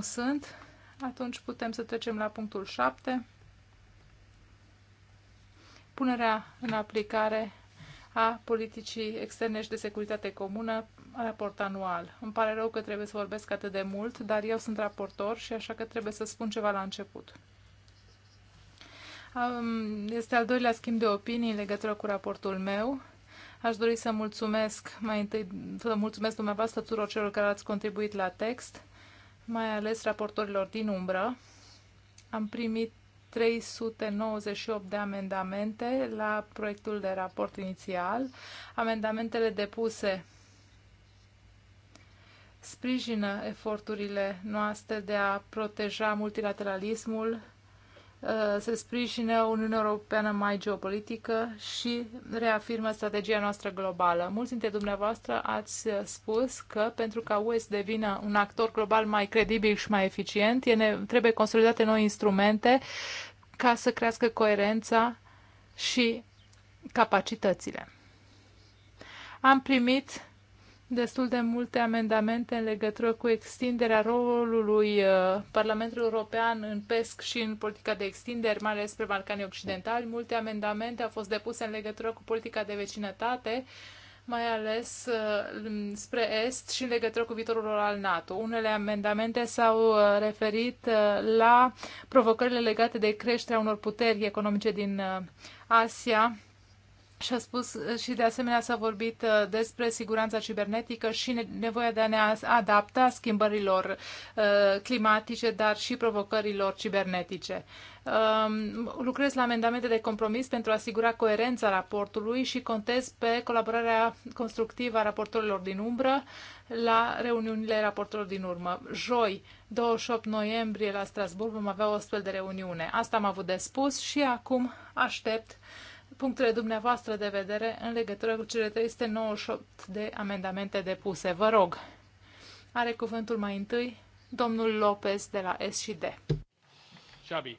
sunt, atunci putem să trecem la punctul 7. Punerea în aplicare a politicii externe și de securitate comună, raport anual. Îmi pare rău că trebuie să vorbesc atât de mult, dar eu sunt raportor și așa că trebuie să spun ceva la început. Este al doilea schimb de opinii în legătură cu raportul meu. Aș dori să mulțumesc mai întâi, să mulțumesc dumneavoastră tuturor celor care ați contribuit la text mai ales raportorilor din umbră. Am primit 398 de amendamente la proiectul de raport inițial. Amendamentele depuse sprijină eforturile noastre de a proteja multilateralismul Uh, se sprijină Uniunea Europeană mai geopolitică și reafirmă strategia noastră globală. Mulți dintre dumneavoastră ați spus că pentru ca UE să devină un actor global mai credibil și mai eficient, trebuie consolidate noi instrumente ca să crească coerența și capacitățile. Am primit destul de multe amendamente în legătură cu extinderea rolului uh, Parlamentului European în PESC și în politica de extindere mai ales spre Balcanii Occidentali. Multe amendamente au fost depuse în legătură cu politica de vecinătate, mai ales uh, spre Est și în legătură cu viitorul rol al NATO. Unele amendamente s-au uh, referit la provocările legate de creșterea unor puteri economice din Asia, și a spus și de asemenea s-a vorbit uh, despre siguranța cibernetică și nevoia de a ne adapta schimbărilor uh, climatice, dar și provocărilor cibernetice. Um, lucrez la amendamente de compromis pentru a asigura coerența raportului și contez pe colaborarea constructivă a raportorilor din umbră la reuniunile raportorilor din urmă. Joi, 28 noiembrie, la Strasburg, vom avea o astfel de reuniune. Asta am avut de spus și acum aștept uh, punctele dumneavoastră de vedere în legătură cu cele 398 de amendamente depuse. Vă rog, are cuvântul mai întâi domnul Lopez de la S&D. Xavi.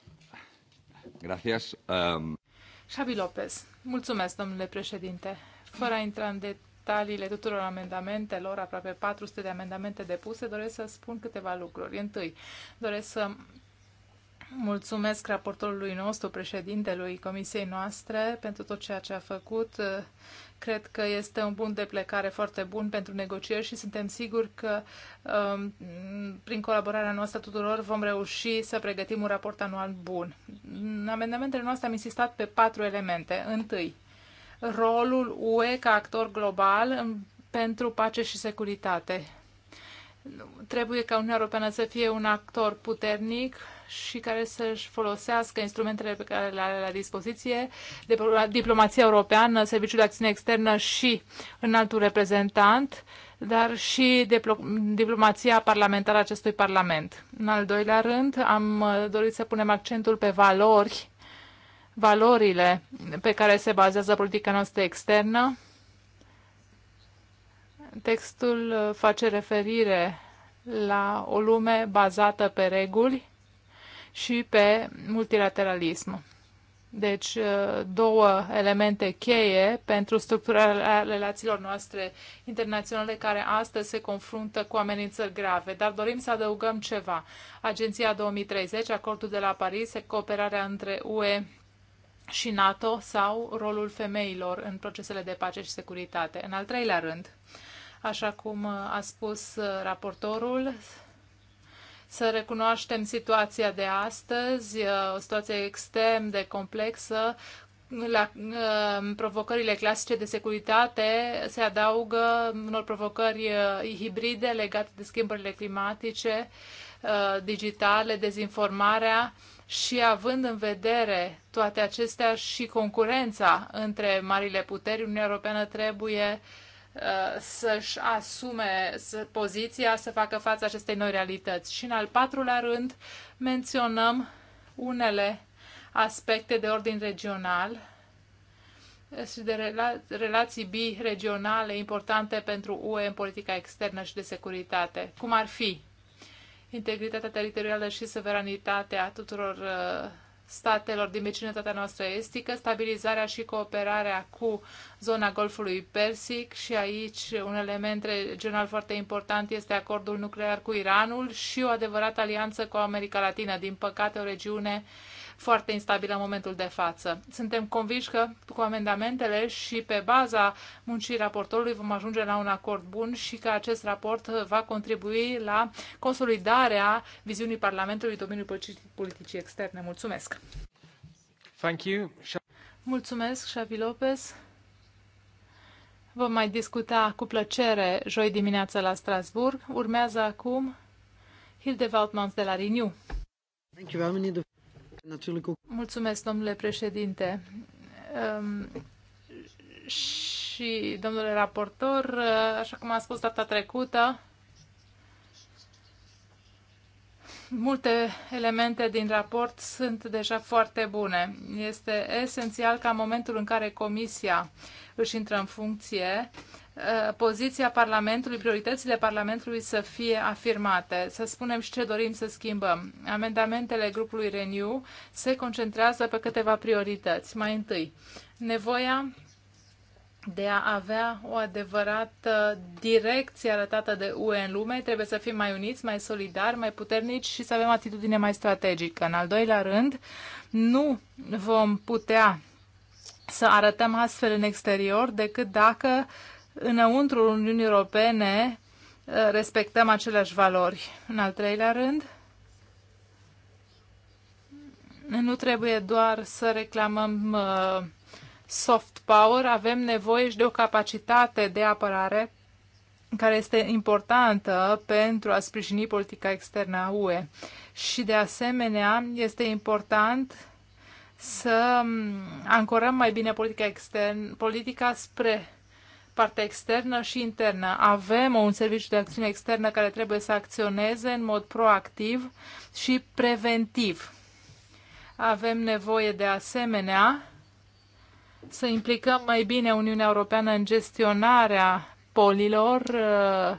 Gracias. Um... Xavi Lopez. Mulțumesc, domnule președinte. Fără a intra în detaliile tuturor amendamentelor, aproape 400 de amendamente depuse, doresc să spun câteva lucruri. Întâi, doresc să Mulțumesc raportorului nostru, președintelui comisiei noastre, pentru tot ceea ce a făcut. Cred că este un bun de plecare foarte bun pentru negocieri și suntem siguri că um, prin colaborarea noastră tuturor vom reuși să pregătim un raport anual bun. În amendamentele noastre am insistat pe patru elemente. Întâi, rolul UE ca actor global pentru pace și securitate. Trebuie ca Uniunea Europeană să fie un actor puternic și care să-și folosească instrumentele pe care le are la dispoziție, de diplomația europeană, Serviciul de Acțiune Externă și înaltul reprezentant, dar și diplomația parlamentară a acestui parlament. În al doilea rând, am dorit să punem accentul pe valori, valorile pe care se bazează politica noastră externă. Textul face referire la o lume bazată pe reguli și pe multilateralism. Deci, uh, două elemente cheie pentru structura relațiilor noastre internaționale care astăzi se confruntă cu amenințări grave. Dar dorim să adăugăm ceva. Agenția 2030, acordul de la Paris, cooperarea între UE și NATO sau rolul femeilor în procesele de pace și securitate. În al treilea rând, așa cum a spus uh, raportorul, să recunoaștem situația de astăzi, uh, o situație extrem de complexă, la uh, provocările clasice de securitate se adaugă unor provocări uh, hibride legate de schimbările climatice, digitale, dezinformarea și având în vedere toate acestea și concurența între marile puteri, Uniunea Europeană trebuie uh, Uh, să-și asume poziția, să facă față acestei noi realități. Și în al patrulea rând menționăm unele aspecte de ordin regional și de rela relații bi-regionale importante pentru UE în politica externă și de securitate, cum ar fi integritatea teritorială și suveranitatea tuturor uh, statelor din vecinătatea noastră estică, stabilizarea și cooperarea cu zona Golfului Persic și aici un element regional foarte important este acordul nuclear cu Iranul și o adevărată alianță cu America Latină, din păcate o regiune uh, foarte instabilă în momentul de față. Suntem convinși că cu amendamentele și pe baza muncii raportorului vom ajunge la un acord bun și că acest raport va contribui la consolidarea viziunii Parlamentului domeniul politicii externe. Mulțumesc! Thank you. Mulțumesc, Xavi Lopez. Vom mai discuta cu plăcere joi dimineața la Strasburg. Urmează acum Hilde Waldmans de la Renew. Mulțumesc, domnule președinte. Ehm, și, domnule raportor, așa cum a spus data trecută, multe elemente din raport sunt deja foarte bune. Este esențial ca în momentul în care Comisia își intră în funcție, Uh, poziția Parlamentului, prioritățile Parlamentului să fie afirmate, să spunem și ce dorim să schimbăm. Amendamentele grupului Renew se concentrează pe câteva priorități. Mai întâi, nevoia de a avea o adevărată direcție arătată de UE în lume, trebuie să fim mai uniți, mai solidari, mai puternici și să avem atitudine mai strategică. În al doilea rând, nu vom putea să arătăm astfel în exterior decât dacă uh, înăuntru Uniunii Europene uh, respectăm aceleași valori. În al treilea rând, nu trebuie doar să reclamăm uh, soft power, avem nevoie și de o capacitate de apărare care este importantă pentru a sprijini politica externă a UE. Și de asemenea, este important să um, ancorăm mai bine politica externă, politica spre partea externă și internă. Avem un serviciu de acțiune externă care trebuie să acționeze în mod proactiv și preventiv. Avem nevoie de asemenea să implicăm mai bine Uniunea Europeană în gestionarea polilor, uh,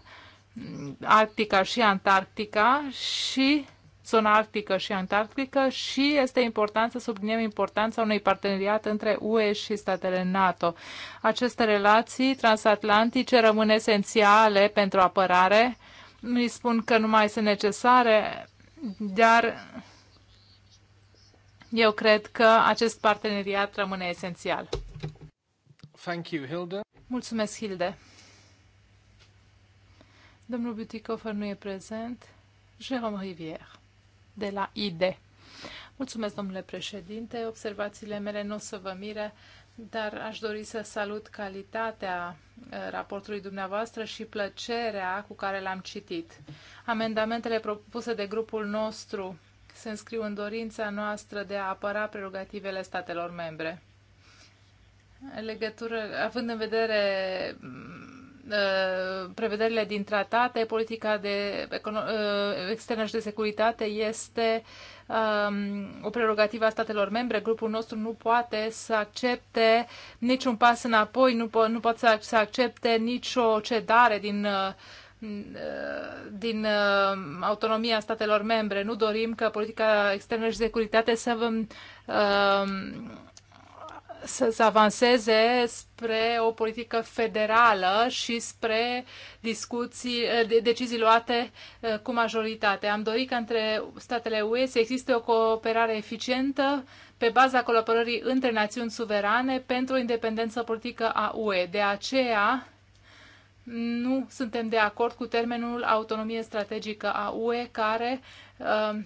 Arctica și Antarctica și zona arctică și antarctică și este important să subliniem importanța unui parteneriat între UE și statele NATO. Aceste relații transatlantice rămân esențiale pentru apărare. nu îi spun că nu mai sunt necesare, dar eu cred că acest parteneriat rămâne esențial. Thank you, Hilde. Mulțumesc, Hilde. Domnul Butikofer nu e prezent. Jérôme Rivière de la ID. Mulțumesc, domnule președinte. Observațiile mele nu o să vă mire, dar aș dori să salut calitatea uh, raportului dumneavoastră și plăcerea cu care l-am citit. Amendamentele propuse de grupul nostru se înscriu în dorința noastră de a apăra prerogativele statelor membre. În legătură, având în vedere Uh, prevederile din tratate, politica de uh, externă și de securitate este um, o prerogativă a statelor membre. Grupul nostru nu poate să accepte niciun pas înapoi, nu, po- nu poate să, să accepte nicio cedare din uh, din autonomia statelor membre. Nu dorim ca politica externă și securitate să vă să se avanseze spre o politică federală și spre discuții, eh, decizii luate eh, cu majoritate. Am dorit ca între statele UE să existe o cooperare eficientă pe baza colaborării între națiuni suverane pentru o independență politică a UE. De aceea, nu suntem de acord cu termenul autonomie strategică a UE, care eh,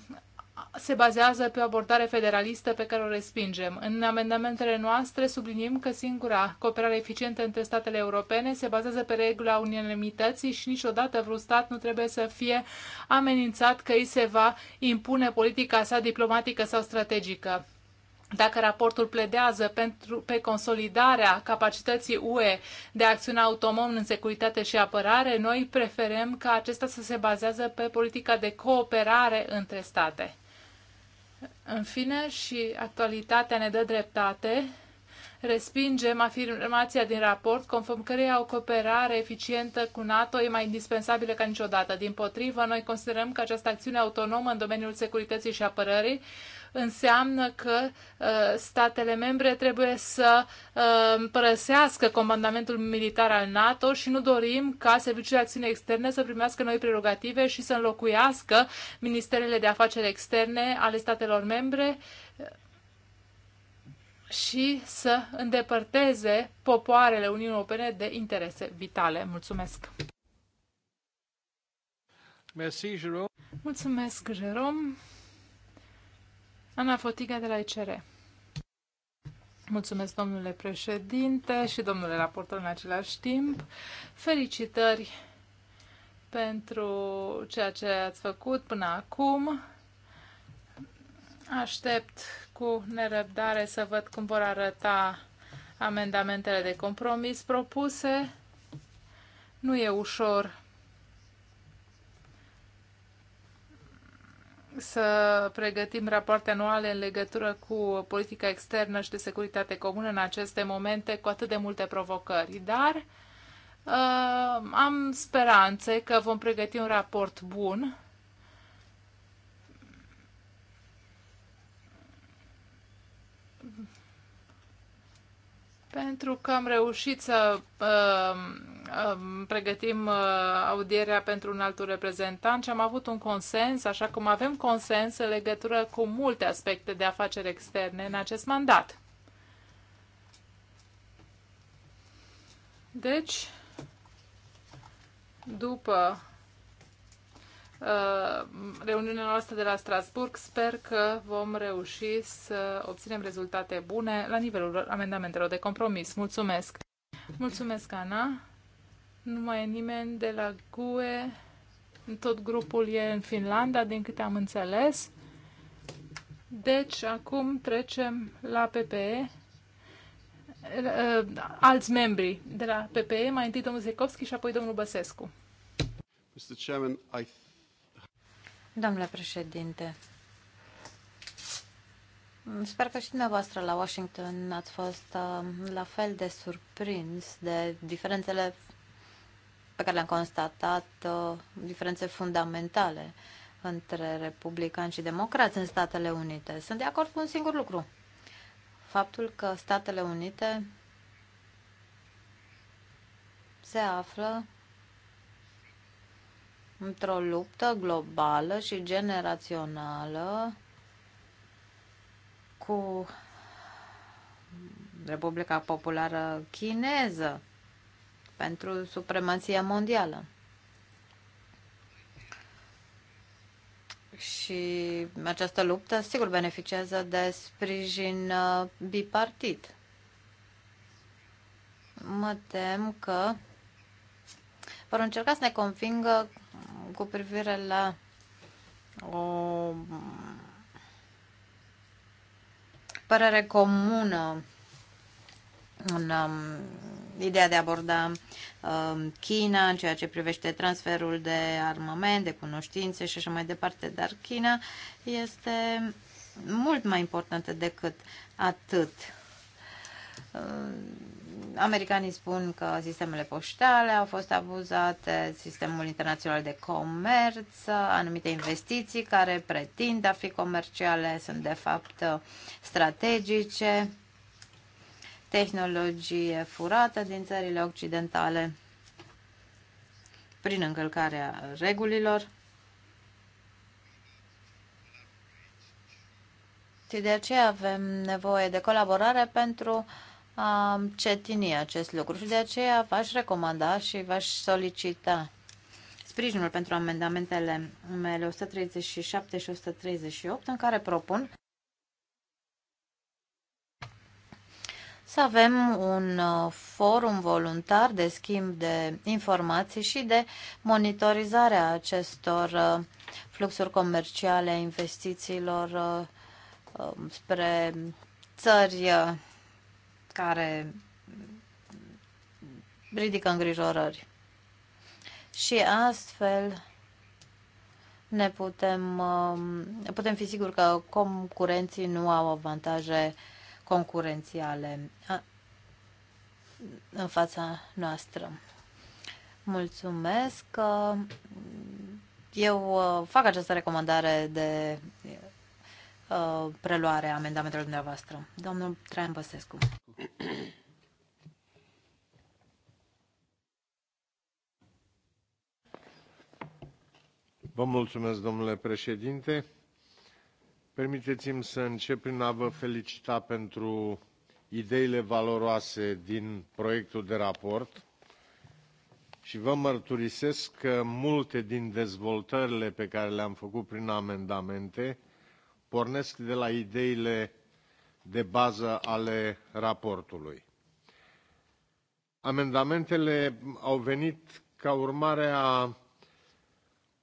se bazează pe o abordare federalistă pe care o respingem. În amendamentele noastre subliniem că singura cooperare eficientă între statele europene se bazează pe regula unanimității și niciodată vreun stat nu trebuie să fie amenințat că îi se va impune politica sa diplomatică sau strategică. Dacă raportul pledează pentru, pe consolidarea capacității UE de acțiune autonom în securitate și apărare, noi preferăm ca acesta să se bazează pe politica de cooperare între state. În fine, și actualitatea ne dă dreptate, respingem afirmația din raport conform căreia o cooperare eficientă cu NATO e mai indispensabilă ca niciodată. Din potrivă, noi considerăm că această acțiune autonomă în domeniul securității și apărării înseamnă că uh, statele membre trebuie să uh, părăsească comandamentul militar al NATO și nu dorim ca Serviciul de Acțiune Externe să primească noi prerogative și să înlocuiască ministerele de afaceri externe ale statelor membre uh, și să îndepărteze popoarele Uniunii Europene de interese vitale. Mulțumesc! Merci, Jerome. Mulțumesc, Jerome. Ana Fotiga de la ICR. Mulțumesc, domnule președinte și domnule raportor în același timp. Felicitări pentru ceea ce ați făcut până acum. Aștept cu nerăbdare să văd cum vor arăta amendamentele de compromis propuse. Nu e ușor să pregătim rapoarte anuale în legătură cu politica externă și de securitate comună în aceste momente cu atât de multe provocări, dar uh, am speranțe că vom pregăti un raport bun pentru că am reușit să uh, uh, pregătim uh, audierea pentru un alt reprezentant și am avut un consens, așa cum avem consens în legătură cu multe aspecte de afaceri externe în acest mandat. Deci, după Uh, reuniunea noastră de la Strasburg. Sper că vom reuși să obținem rezultate bune la nivelul amendamentelor de compromis. Mulțumesc! Mulțumesc, Ana! Nu mai e nimeni de la GUE. Tot grupul e în Finlanda, din câte am înțeles. Deci, acum trecem la PPE. Uh, alți membri de la PPE, mai întâi domnul Zekovski și apoi domnul Băsescu. Mr. Chairman, I Domnule președinte, sper că și dumneavoastră la Washington ați fost uh, la fel de surprins de diferențele pe care le-am constatat, uh, diferențe fundamentale între republicani și democrați în Statele Unite. Sunt de acord cu un singur lucru. Faptul că Statele Unite se află într-o luptă globală și generațională cu Republica Populară Chineză pentru supremația mondială. Și această luptă, sigur, beneficiază de sprijin uh, bipartit. Mă tem că vor încerca să ne convingă cu privire la o părere comună în um, ideea de a aborda um, China în ceea ce privește transferul de armament, de cunoștințe și așa mai departe, dar China este mult mai importantă decât atât. Uh, americanii spun că sistemele poștale au fost abuzate, sistemul internațional de comerț, anumite investiții care pretind a fi comerciale sunt de fapt strategice, tehnologie furată din țările occidentale prin încălcarea regulilor. Și de aceea avem nevoie de colaborare pentru uh, cetini acest lucru și de aceea v-aș recomanda și v-aș solicita sprijinul pentru amendamentele mele 137 și 138 în care propun să avem un uh, forum voluntar de schimb de informații și de monitorizare a acestor uh, fluxuri comerciale a investițiilor uh, spre țări care ridică îngrijorări. Și astfel ne putem, um, putem fi siguri că concurenții nu au avantaje concurențiale în fața noastră. Mulțumesc. că Eu uh, fac această recomandare de uh, preluare a amendamentelor dumneavoastră. Domnul Traian Băsescu. Vă mulțumesc, domnule președinte. Permiteți mi să încep prin a vă felicita pentru ideile valoroase din proiectul de raport și vă mărturisesc că multe din dezvoltările pe care le-am făcut prin amendamente pornesc de la ideile de bază ale raportului. Amendamentele au venit ca urmare a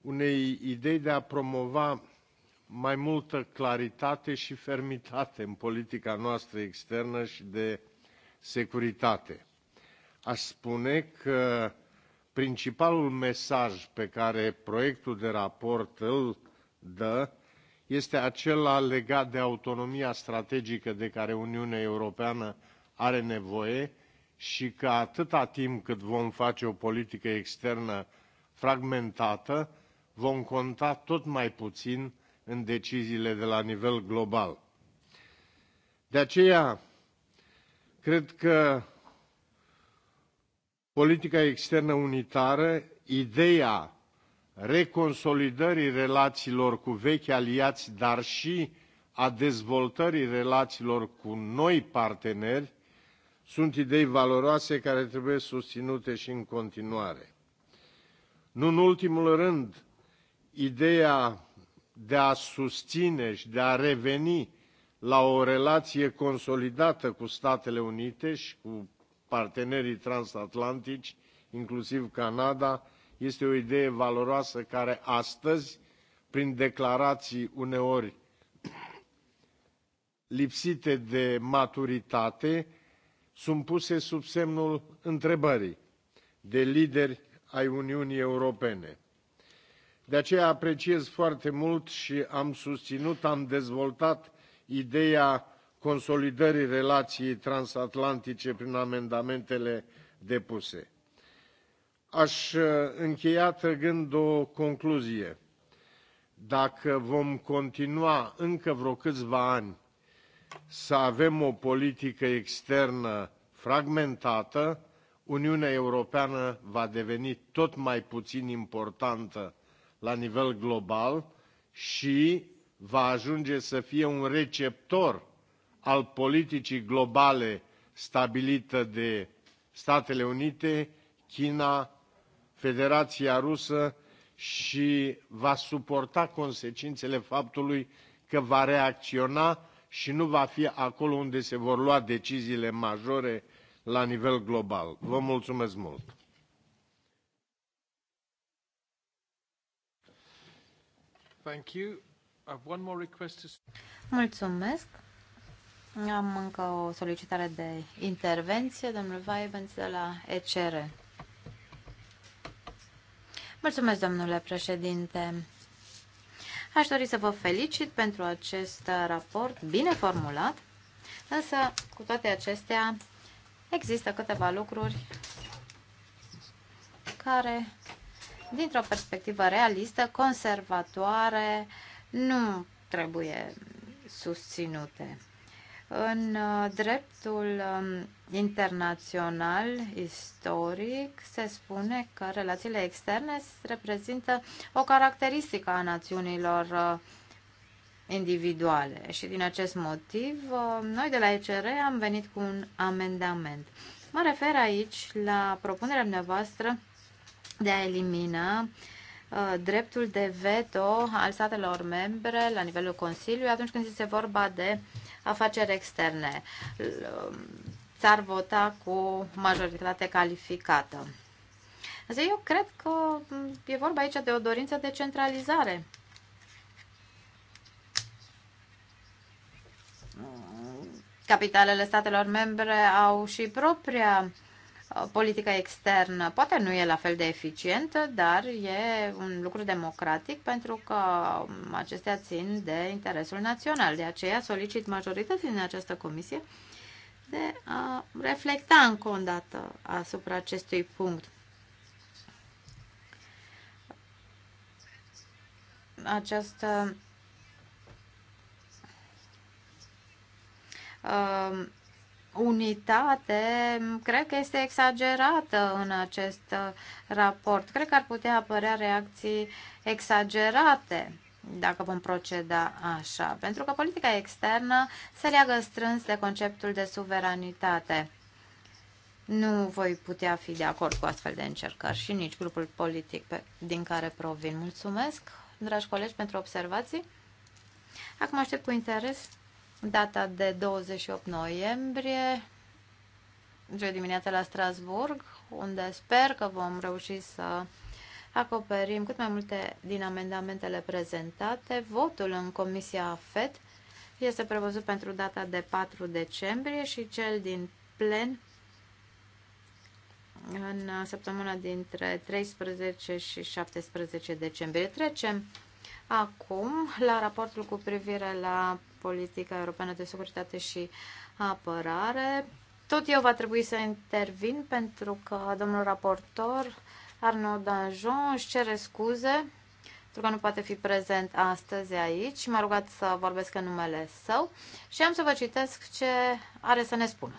unei idei de a promova mai multă claritate și fermitate în politica noastră externă și de securitate. Aș spune că principalul mesaj pe care proiectul de raport îl dă este acela legat de autonomia strategică de care Uniunea Europeană are nevoie și că atâta timp cât vom face o politică externă fragmentată, vom conta tot mai puțin în deciziile de la nivel global. De aceea, cred că politica externă unitară, ideea reconsolidării relațiilor cu vechi aliați, dar și a dezvoltării relațiilor cu noi parteneri, sunt idei valoroase care trebuie susținute și în continuare. Nu în ultimul rând, ideea de a susține și de a reveni la o relație consolidată cu Statele Unite și cu partenerii transatlantici, inclusiv Canada, este o idee valoroasă care astăzi, prin declarații uneori lipsite de maturitate, sunt puse sub semnul întrebării de lideri ai Uniunii Europene. De aceea apreciez foarte mult și am susținut, am dezvoltat ideea consolidării relației transatlantice prin amendamentele depuse. Aș uh, încheia trăgând o concluzie. Dacă vom continua încă vreo câțiva ani să avem o politică externă fragmentată, Uniunea Europeană va deveni tot mai puțin importantă la nivel global și va ajunge să fie un receptor al politicii globale stabilită de Statele Unite, China Federația Rusă și va suporta consecințele faptului că va reacționa și nu va fi acolo unde se vor lua deciziile majore la nivel global. Vă mulțumesc mult! Thank you. One more request to... Mulțumesc. Am încă o solicitare de intervenție, domnul Vaivens de la ECR. Mulțumesc, domnule președinte. Aș dori să vă felicit pentru acest raport bine formulat, însă cu toate acestea există câteva lucruri care, dintr-o perspectivă realistă, conservatoare, nu trebuie susținute. În uh, dreptul um, internațional istoric se spune că relațiile externe reprezintă o caracteristică a națiunilor uh, individuale și din acest motiv uh, noi de la ECR am venit cu un amendament. Mă refer aici la propunerea dumneavoastră de a elimina dreptul de veto al statelor membre la nivelul Consiliului atunci când este vorba de afaceri externe. S-ar vota cu majoritate calificată. eu cred că e vorba aici de o dorință de centralizare. Capitalele statelor membre au și propria Uh, politica externă poate nu e la fel de eficientă, dar e un lucru democratic pentru că um, acestea țin de interesul național. De aceea solicit majorității din această comisie de a reflecta încă o dată asupra acestui punct. Această uh, unitate, cred că este exagerată în acest raport. Cred că ar putea apărea reacții exagerate dacă vom proceda așa, pentru că politica externă se leagă strâns de conceptul de suveranitate. Nu voi putea fi de acord cu astfel de încercări și nici grupul politic pe, din care provin. Mulțumesc, dragi colegi, pentru observații. Acum aștept cu interes data de 28 noiembrie, joi dimineața la Strasburg, unde sper că vom reuși să acoperim cât mai multe din amendamentele prezentate. Votul în Comisia FED este prevăzut pentru data de 4 decembrie și cel din plen în săptămâna dintre 13 și 17 decembrie. Trecem Acum, la raportul cu privire la politica europeană de securitate și apărare, tot eu va trebui să intervin pentru că domnul raportor Arnaud Danjon își cere scuze pentru că nu poate fi prezent astăzi aici m-a rugat să vorbesc în numele său și am să vă citesc ce are să ne spună.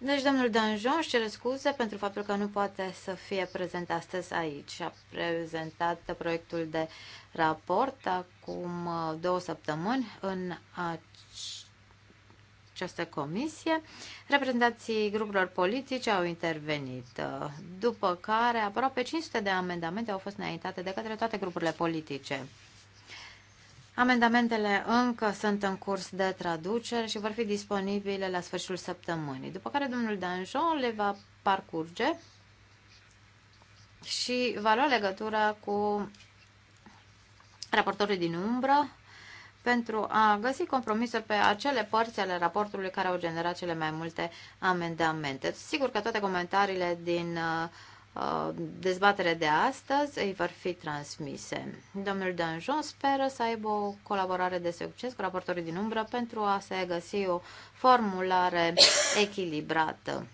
Deci, domnul Danjon își cere scuze pentru faptul că nu poate să fie prezent astăzi aici. A prezentat proiectul de raport acum uh, două săptămâni în această comisie. Reprezentații grupurilor politice au intervenit, uh, după care aproape 500 de amendamente au fost înaintate de către toate grupurile politice. Amendamentele încă sunt în curs de traducere și vor fi disponibile la sfârșitul săptămânii, după care domnul Danjon le va parcurge și va lua legătura cu raportorul din umbră pentru a găsi compromisuri pe acele părți ale raportului care au generat cele mai multe amendamente. Sigur că toate comentariile din uh, Uh, dezbatere de astăzi îi vor fi transmise. Domnul Danjon speră să aibă o colaborare de succes cu raportorii din umbră pentru a se găsi o formulare echilibrată.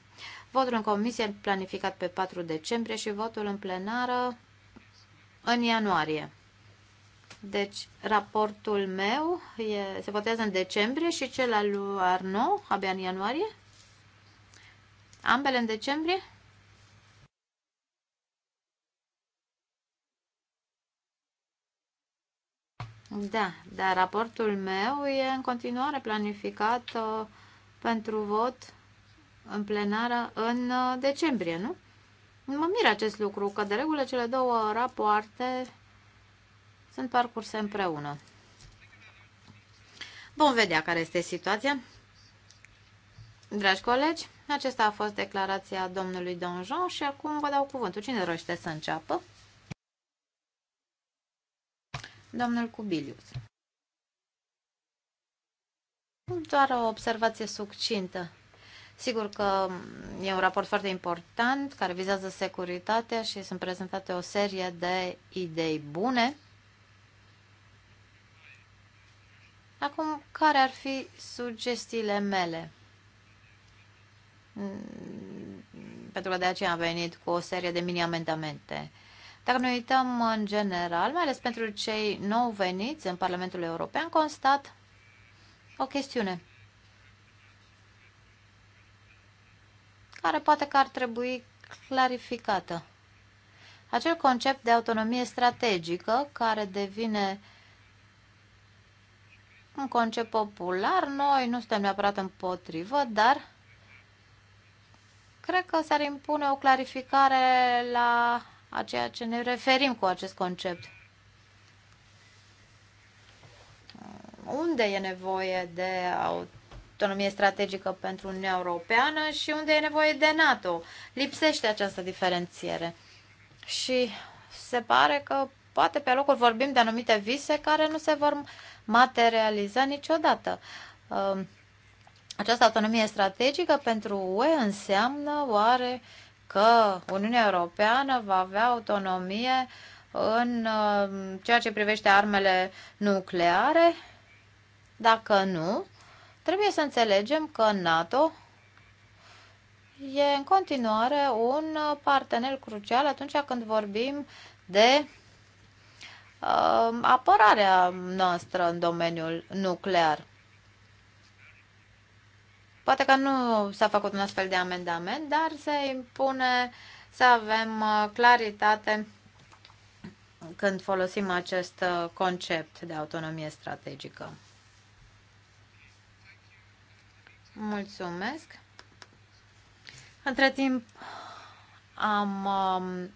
Votul în comisie planificat pe 4 decembrie și votul în plenară în ianuarie. Deci, raportul meu e, se votează în decembrie și cel al lui Arnaud abia în ianuarie? Ambele în decembrie? Da, dar raportul meu e în continuare planificat uh, pentru vot în plenară în uh, decembrie, nu? Mă miră acest lucru, că de regulă cele două rapoarte sunt parcurse împreună. Vom vedea care este situația. Dragi colegi, acesta a fost declarația domnului Donjon și acum vă dau cuvântul. Cine dorește să înceapă? Domnul Cubilius. Doar o observație succintă. Sigur că e un raport foarte important care vizează securitatea și sunt prezentate o serie de idei bune. Acum, care ar fi sugestiile mele? Pentru că de aceea am venit cu o serie de mini-amendamente. Dacă ne uităm în general, mai ales pentru cei nou veniți în Parlamentul European, constat o chestiune care poate că ar trebui clarificată. Acel concept de autonomie strategică care devine un concept popular, noi nu suntem neapărat împotrivă, dar cred că s-ar impune o clarificare la a ceea ce ne referim cu acest concept. Unde e nevoie de autonomie strategică pentru Uniunea Europeană și unde e nevoie de NATO? Lipsește această diferențiere. Și se pare că poate pe locul vorbim de anumite vise care nu se vor materializa niciodată. Ehm, această autonomie strategică pentru UE înseamnă oare uh, că Uniunea Europeană va avea autonomie în uh, ceea ce privește armele nucleare? Dacă nu, trebuie să înțelegem că NATO e în continuare un partener crucial atunci când vorbim de uh, apărarea noastră în domeniul nuclear. Poate că nu s-a făcut un astfel de amendament, dar se impune să avem uh, claritate când folosim acest uh, concept de autonomie strategică. Mulțumesc. Între timp am um,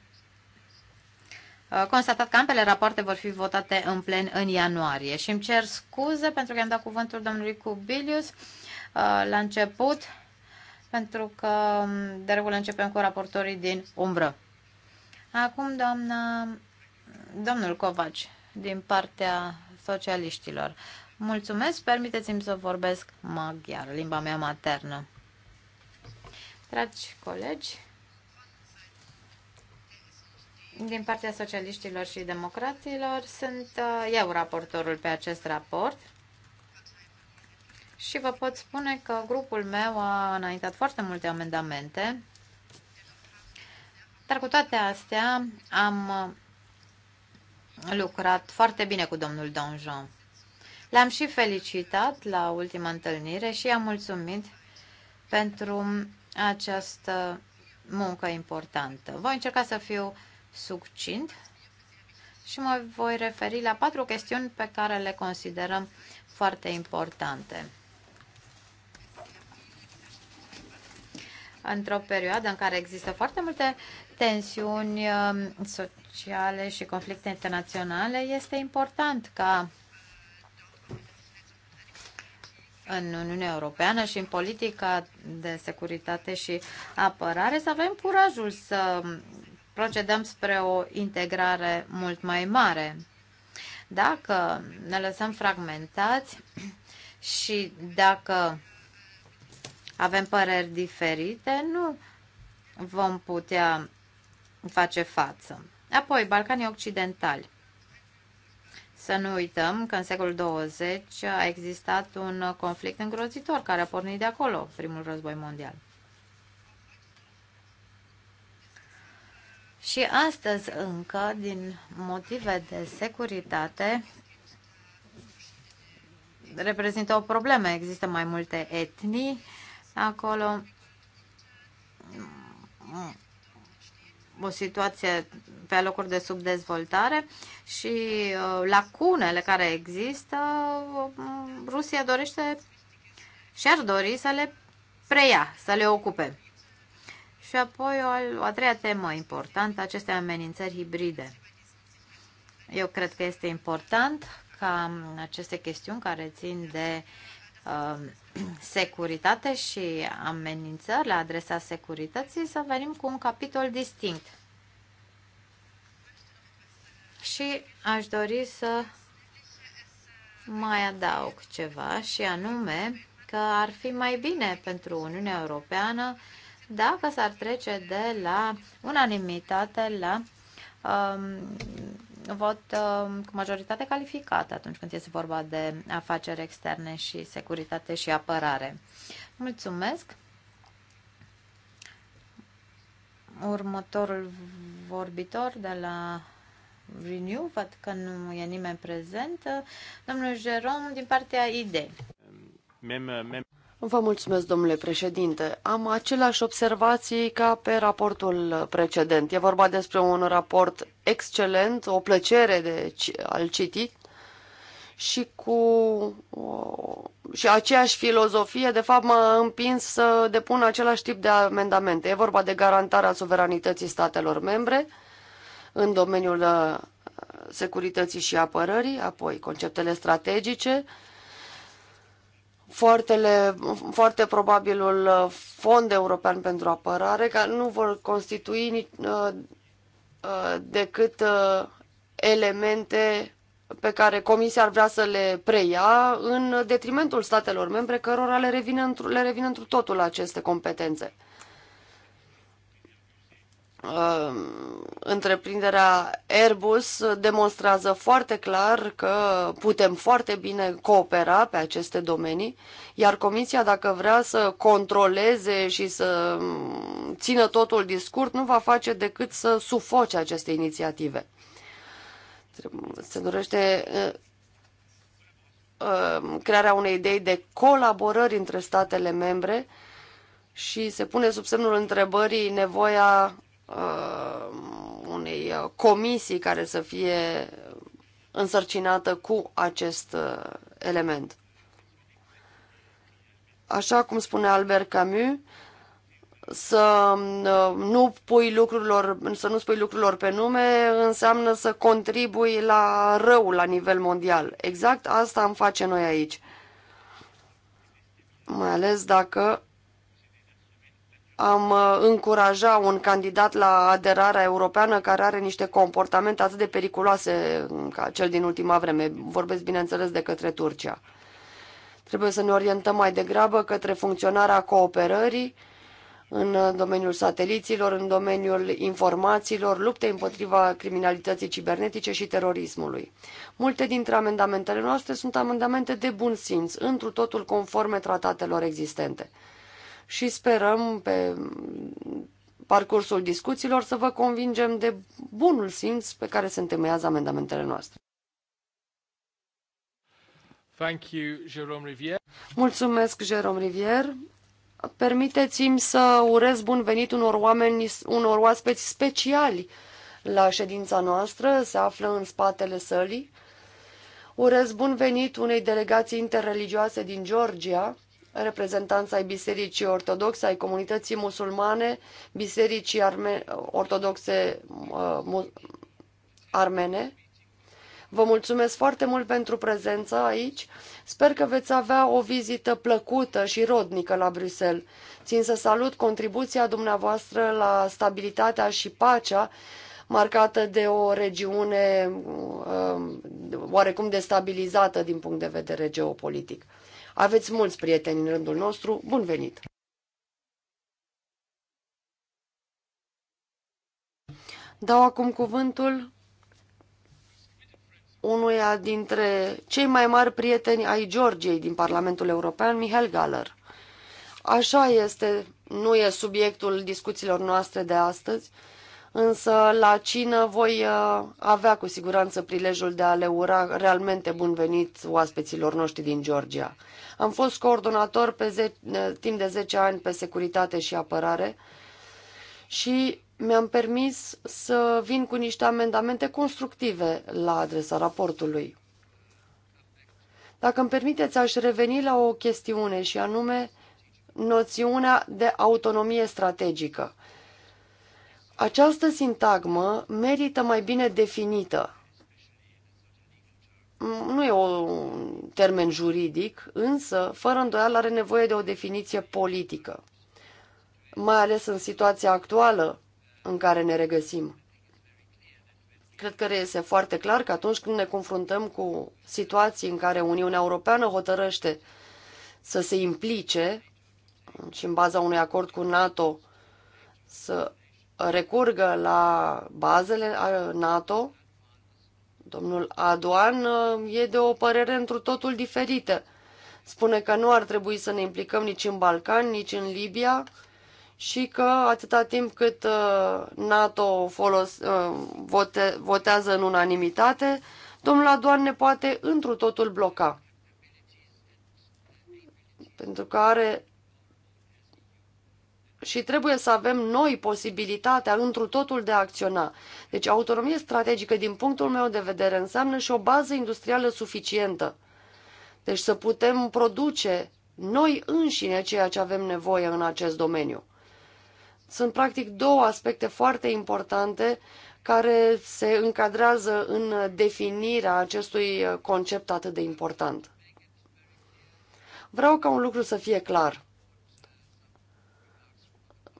uh, constatat că ambele rapoarte vor fi votate în plen în ianuarie și îmi cer scuze pentru că am dat cuvântul domnului Cubilius. Uh, Uh, la început, pentru că um, de regulă începem cu raportorii din umbră. Acum, doamna, domnul Covaci, din partea socialiștilor. Mulțumesc, permiteți-mi să vorbesc maghiar, limba mea maternă. Dragi colegi, din partea socialiștilor și democraților, sunt uh, eu raportorul pe acest raport și vă pot spune că grupul meu a înaintat foarte multe amendamente, dar cu toate astea am lucrat foarte bine cu domnul Donjon. L-am și felicitat la ultima întâlnire și i-am mulțumit pentru această muncă importantă. Voi încerca să fiu succint și mă voi referi la patru chestiuni pe care le considerăm foarte importante. într-o perioadă în care există foarte multe tensiuni um, sociale și conflicte internaționale, este important ca în Uniunea Europeană și în politica de securitate și apărare să avem curajul să procedăm spre o integrare mult mai mare. Dacă ne lăsăm fragmentați și dacă avem păreri diferite, nu vom putea face față. Apoi, Balcanii Occidentali. Să nu uităm că în secolul 20 a existat un conflict îngrozitor care a pornit de acolo, primul război mondial. Și astăzi încă, din motive de securitate, reprezintă o problemă. Există mai multe etnii acolo o situație pe locuri de subdezvoltare și uh, lacunele care există, uh, Rusia dorește și ar dori să le preia, să le ocupe. Și apoi o, o a treia temă importantă, aceste amenințări hibride. Eu cred că este important ca aceste chestiuni care țin de Um, securitate și amenințări la adresa securității, să venim cu un capitol distinct. Și aș dori să mai adaug ceva și anume că ar fi mai bine pentru Uniunea Europeană dacă s-ar trece de la unanimitate la um, vot um, cu majoritate calificată atunci când este vorba de afaceri externe și securitate și apărare. Mulțumesc! Următorul vorbitor de la Renew, văd că nu e nimeni prezent, domnul Jerome din partea ID. Mem, mem. Vă mulțumesc, domnule președinte. Am aceleași observații ca pe raportul precedent. E vorba despre un raport excelent, o plăcere de a-l citi și cu și aceeași filozofie, de fapt, m-a împins să depun același tip de amendamente. E vorba de garantarea suveranității statelor membre în domeniul uh, securității și apărării, apoi conceptele strategice, foartele, foarte probabilul uh, fond european pentru apărare, care nu vor constitui nici, uh, uh, decât elemente pe care Comisia ar vrea să le preia în detrimentul statelor membre, cărora le revine într le într totul aceste competențe. Uh, întreprinderea Airbus demonstrează foarte clar că putem foarte bine coopera pe aceste domenii, iar Comisia, dacă vrea să controleze și să um, țină totul discurs, nu va face decât să sufoce aceste inițiative. Se dorește uh, uh, crearea unei idei de colaborări între statele membre și se pune sub semnul întrebării nevoia uh, unei uh, comisii care să fie însărcinată cu acest uh, element. Așa cum spune Albert Camus, să uh, nu pui lucrurilor, să nu spui lucrurilor pe nume înseamnă să contribui la rău la nivel mondial. Exact asta am face noi aici. Mai ales dacă am uh, încuraja un candidat la aderarea europeană care are niște comportamente atât de periculoase mm, ca cel din ultima vreme. Vorbesc, bineînțeles, de către Turcia. Trebuie să ne orientăm mai degrabă către funcționarea cooperării în uh, domeniul sateliților, în domeniul informațiilor, lupte împotriva criminalității cibernetice și terorismului. Multe dintre amendamentele noastre sunt amendamente de bun simț, întru totul conforme tratatelor existente și sperăm pe parcursul discuțiilor să vă convingem de bunul simț pe care se întemeiază amendamentele noastre. Thank you, Jérôme Rivière. Mulțumesc, Jérôme Rivière. Permiteți-mi să urez bun venit unor oameni, unor oaspeți speciali la ședința noastră, se află în spatele sălii. Urez bun venit unei delegații interreligioase din Georgia, reprezentanți ai Bisericii Ortodoxe, ai comunității musulmane, Bisericii Arme- Ortodoxe uh, Armene. Vă mulțumesc foarte mult pentru prezența aici. Sper că veți avea o vizită plăcută și rodnică la Bruxelles. Țin să salut contribuția dumneavoastră la stabilitatea și pacea marcată de o regiune uh, oarecum destabilizată din punct de vedere geopolitic. Aveți mulți prieteni în rândul nostru. Bun venit! Dau acum cuvântul unuia dintre cei mai mari prieteni ai Georgiei din Parlamentul European, Mihail Galler. Așa este, nu e subiectul discuțiilor noastre de astăzi, însă la cină voi uh, avea cu siguranță prilejul de a le ura realmente bun venit oaspeților noștri din Georgia. Am fost coordonator pe ze- uh, timp de 10 ani pe securitate și apărare și mi-am permis să vin cu niște amendamente constructive la adresa raportului. Dacă îmi permiteți, aș reveni la o chestiune și anume noțiunea de autonomie strategică. Această sintagmă merită mai bine definită. Nu e un termen juridic, însă, fără îndoială, are nevoie de o definiție politică, mai ales în situația actuală în care ne regăsim. Cred că reiese foarte clar că atunci când ne confruntăm cu situații în care Uniunea Europeană hotărăște să se implice și în baza unui acord cu NATO să recurgă la bazele NATO, domnul Aduan e de o părere întru totul diferită. Spune că nu ar trebui să ne implicăm nici în Balcan, nici în Libia și că atâta timp cât NATO folos, vote, votează în unanimitate, domnul Aduan ne poate întru totul bloca. Pentru că are și trebuie să avem noi posibilitatea întru totul de a acționa. Deci autonomie strategică, din punctul meu de vedere, înseamnă și o bază industrială suficientă. Deci să putem produce noi înșine ceea ce avem nevoie în acest domeniu. Sunt practic două aspecte foarte importante care se încadrează în definirea acestui concept atât de important. Vreau ca un lucru să fie clar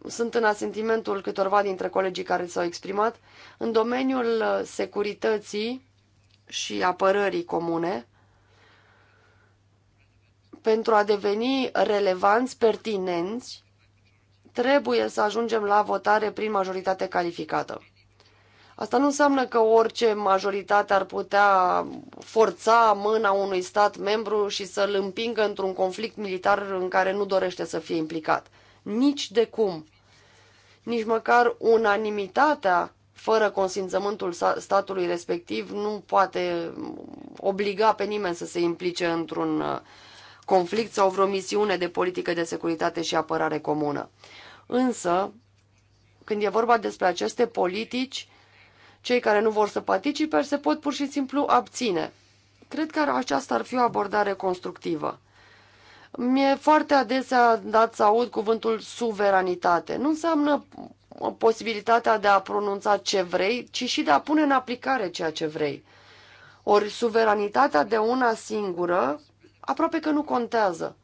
sunt în asentimentul câtorva dintre colegii care s-au exprimat, în domeniul uh, securității și apărării comune, pentru a deveni relevanți, pertinenți, trebuie să ajungem la votare prin majoritate calificată. Asta nu înseamnă că orice majoritate ar putea forța mâna unui stat membru și să-l împingă într-un conflict militar în care nu dorește să fie implicat. Nici de cum nici măcar unanimitatea fără consimțământul statului respectiv nu poate obliga pe nimeni să se implice într-un uh, conflict sau vreo misiune de politică de securitate și apărare comună. Însă, când e vorba despre aceste politici, cei care nu vor să participe se pot pur și simplu abține. Cred că aceasta ar fi o abordare constructivă. Mi-e foarte adesea dat să aud cuvântul suveranitate. Nu înseamnă posibilitatea de a pronunța ce vrei, ci și de a pune în aplicare ceea ce vrei. Ori suveranitatea de una singură aproape că nu contează.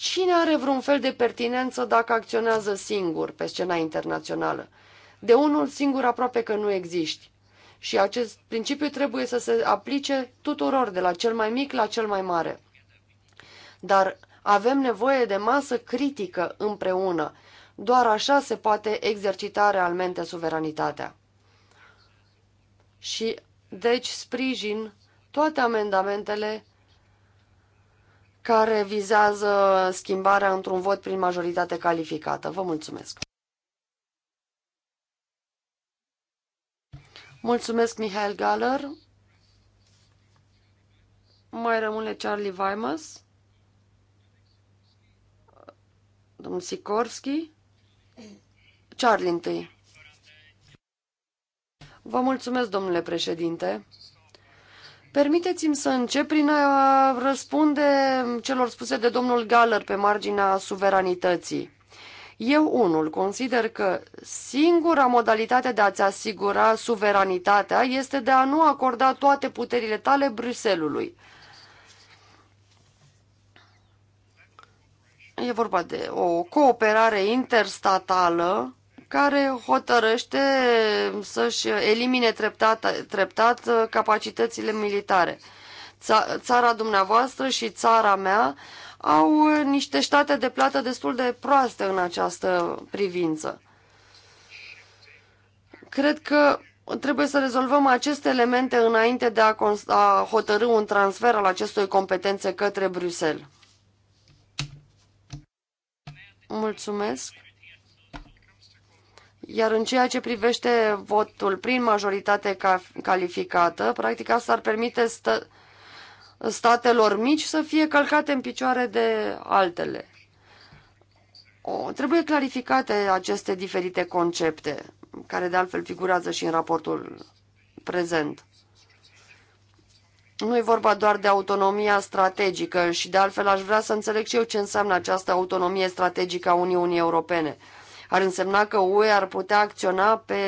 Cine are vreun fel de pertinență dacă acționează singur pe scena internațională? De unul singur aproape că nu existi. Și acest principiu trebuie să se aplice tuturor, de la cel mai mic la cel mai mare dar avem nevoie de masă critică împreună. Doar așa se poate exercita realmente suveranitatea. Și deci sprijin toate amendamentele care vizează schimbarea într-un vot prin majoritate calificată. Vă mulțumesc! Mulțumesc, Mihail Galler. Mai rămâne Charlie Weimers. Domnul Sikorski? Charlie întâi. Vă mulțumesc, domnule președinte. Permiteți-mi să încep prin a răspunde celor spuse de domnul Galler pe marginea suveranității. Eu unul consider că singura modalitate de a-ți asigura suveranitatea este de a nu acorda toate puterile tale Bruselului. E vorba de o cooperare interstatală care hotărăște să-și elimine treptat, treptat uh, capacitățile militare. Ța, țara dumneavoastră și țara mea au uh, niște state de plată destul de proaste în această privință. Cred că trebuie să rezolvăm aceste elemente înainte de a, a hotărâ un transfer al acestor competențe către Bruxelles. Mulțumesc. Iar în ceea ce privește votul prin majoritate calificată, practic asta ar permite stă statelor mici să fie călcate în picioare de altele. O, trebuie clarificate aceste diferite concepte, care de altfel figurează și în raportul prezent. Nu e vorba doar de autonomia strategică și de altfel aș vrea să înțeleg și eu ce înseamnă această autonomie strategică a Uniunii Europene. Ar însemna că UE ar putea acționa pe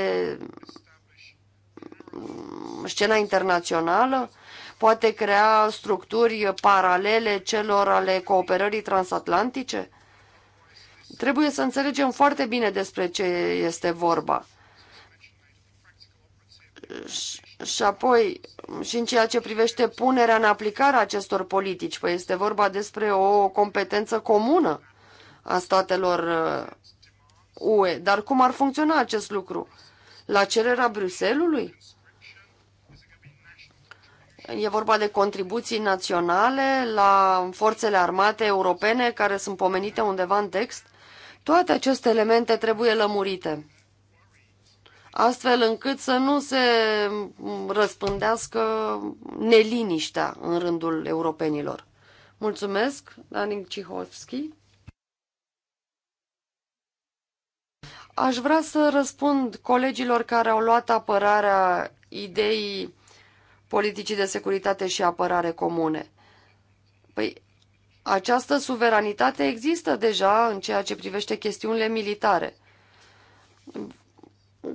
scena internațională? Poate crea structuri paralele celor ale cooperării transatlantice? Trebuie să înțelegem foarte bine despre ce este vorba. Și apoi, și în ceea ce privește punerea în aplicare a acestor politici, păi este vorba despre o competență comună a statelor UE. Uh, Dar cum ar funcționa acest lucru? La cererea Bruselului? E vorba de contribuții naționale la forțele armate europene care sunt pomenite undeva în text? Toate aceste elemente trebuie lămurite astfel încât să nu se răspândească neliniștea în rândul europenilor. Mulțumesc, Danin Cihovski. Aș vrea să răspund colegilor care au luat apărarea ideii politicii de securitate și apărare comune. Păi, această suveranitate există deja în ceea ce privește chestiunile militare.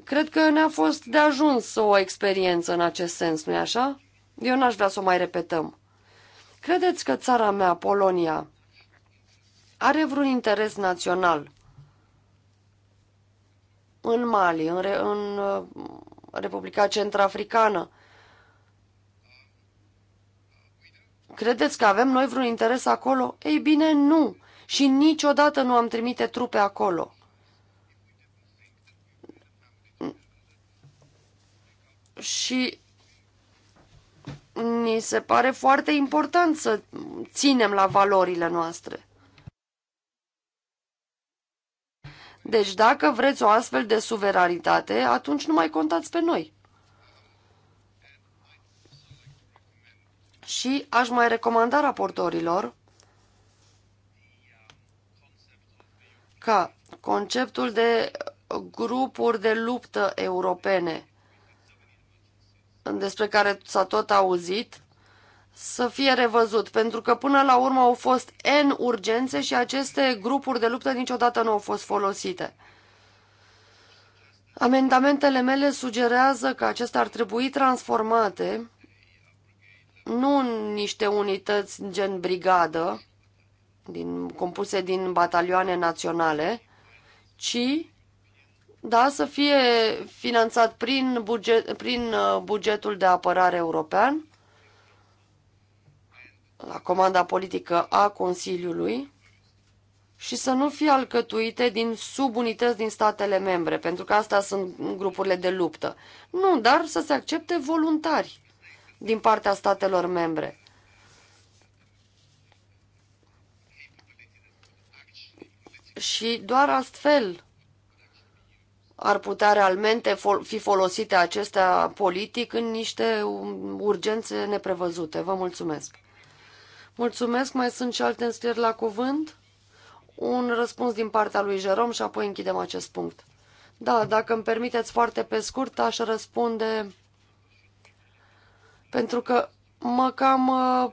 Cred că ne-a fost de ajuns o experiență în acest sens, nu-i așa? Eu n-aș vrea să o mai repetăm. Credeți că țara mea, Polonia, are vreun interes național în Mali, în, Re- în uh, Republica Centrafricană? Credeți că avem noi vreun interes acolo? Ei bine, nu! Și niciodată nu am trimite trupe acolo. și ni se pare foarte important să ținem la valorile noastre. Deci dacă vreți o astfel de suveranitate, atunci nu mai contați pe noi. Și aș mai recomanda raportorilor ca conceptul de grupuri de luptă europene despre care s-a tot auzit, să fie revăzut, pentru că până la urmă au fost N urgențe și aceste grupuri de luptă niciodată nu au fost folosite. Amendamentele mele sugerează că acestea ar trebui transformate nu în niște unități gen brigadă, din, compuse din batalioane naționale, ci da, să fie finanțat prin, buget, prin uh, bugetul de apărare european, la comanda politică a Consiliului, și să nu fie alcătuite din subunități din statele membre, pentru că asta sunt grupurile de luptă. Nu, dar să se accepte voluntari din partea statelor membre. Și doar astfel ar putea realmente fi folosite acestea politic în niște urgențe neprevăzute. Vă mulțumesc. Mulțumesc, mai sunt și alte înscrieri la cuvânt? Un răspuns din partea lui Jerom și apoi închidem acest punct. Da, dacă îmi permiteți foarte pe scurt, aș răspunde pentru că mă cam uh,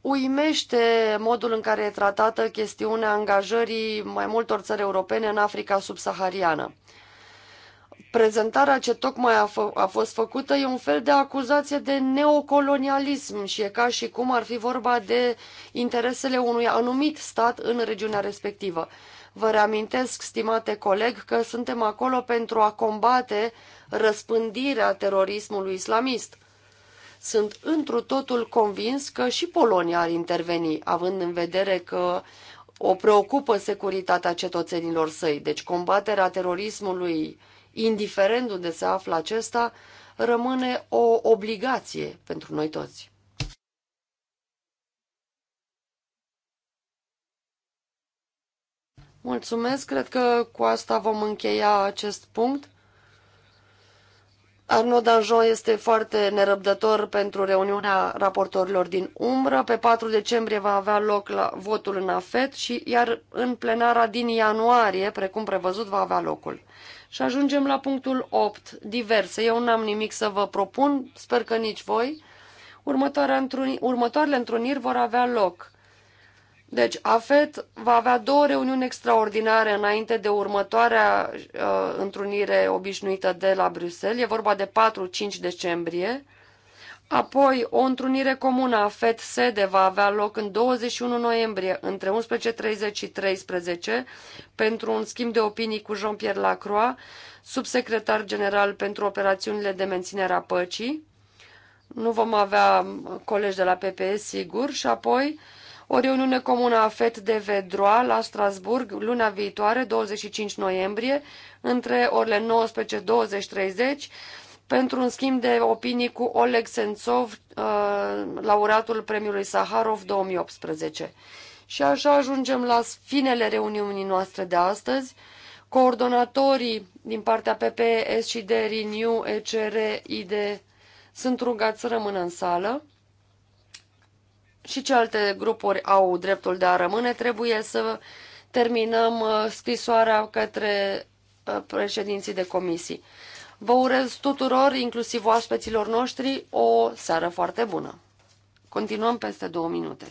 uimește modul în care e tratată chestiunea angajării mai multor țări europene în Africa subsahariană. Prezentarea ce tocmai a, a fost făcută e un fel de acuzație de neocolonialism și e ca și cum ar fi vorba de interesele unui anumit stat în regiunea respectivă. Vă reamintesc, stimate coleg, că suntem acolo pentru a combate răspândirea terorismului islamist – sunt întru totul convins că și Polonia ar interveni, având în vedere că o preocupă securitatea cetățenilor săi. Deci combaterea terorismului, indiferent unde se află acesta, rămâne o obligație pentru noi toți. Mulțumesc, cred că cu asta vom încheia acest punct. Arnaud Danjon este foarte nerăbdător pentru reuniunea raportorilor din umbră. Pe 4 decembrie va avea loc la votul în afet și iar în plenara din ianuarie, precum prevăzut, va avea locul. Și ajungem la punctul 8, diverse. Eu n-am nimic să vă propun, sper că nici voi. Următoarele întruniri vor avea loc deci, AFET va avea două reuniuni extraordinare înainte de următoarea uh, întrunire obișnuită de la Bruxelles. E vorba de 4-5 decembrie. Apoi, o întrunire comună a FED-SEDE va avea loc în 21 noiembrie, între 11.30 și 13, pentru un schimb de opinii cu Jean-Pierre Lacroix, subsecretar general pentru operațiunile de menținere a păcii. Nu vom avea colegi de la PPS, sigur, și apoi o reuniune comună a FET de Vedroa la Strasburg, luna viitoare, 25 noiembrie, între orele 19.20-30, pentru un schimb de opinii cu Oleg Sentsov, uh, laureatul premiului Saharov 2018. Și așa ajungem la finele reuniunii noastre de astăzi. Coordonatorii din partea PPS și de Renew, ECR, ID sunt rugați să rămână în sală și celelalte grupuri au dreptul de a rămâne, trebuie să terminăm uh, scrisoarea către uh, președinții de comisii. Vă urez tuturor, inclusiv oaspeților noștri, o seară foarte bună. Continuăm peste două minute.